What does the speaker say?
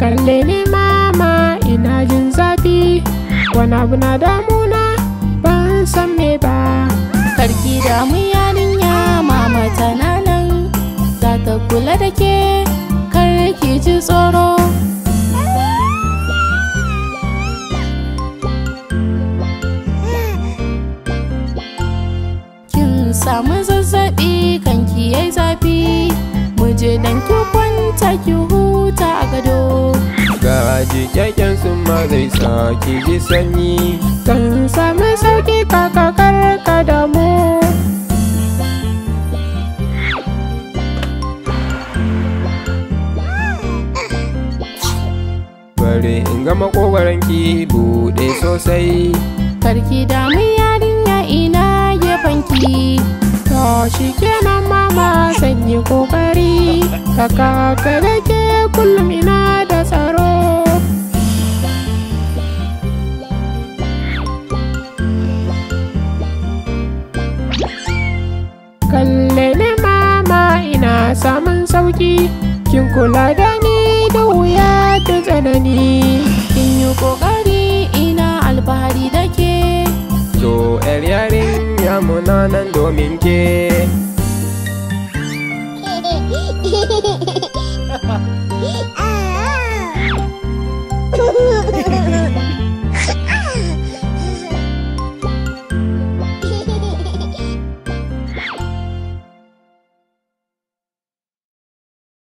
kalle ni mama ina jin zafi wani abu na damuna ban san me ba karki damun yarinya mama tana nan za ta kula da ke karki ji tsoro kin samu zazzabi kanki yayi zafi muje dan ki kwanta ki huta a gado ga kyakkyan sun ma zai saki ji sanyi kan sami sauki kakakar ka mu. bari in ga makogwaron ki buɗe sosai karki da damu yarinya ina fanki. to shi kenan mama sanyi kokari kaka ka sauki kin kula da ni da wuya da tsanani in yi kokari ina alfahari da ke To yar yarin ya munanan domin ke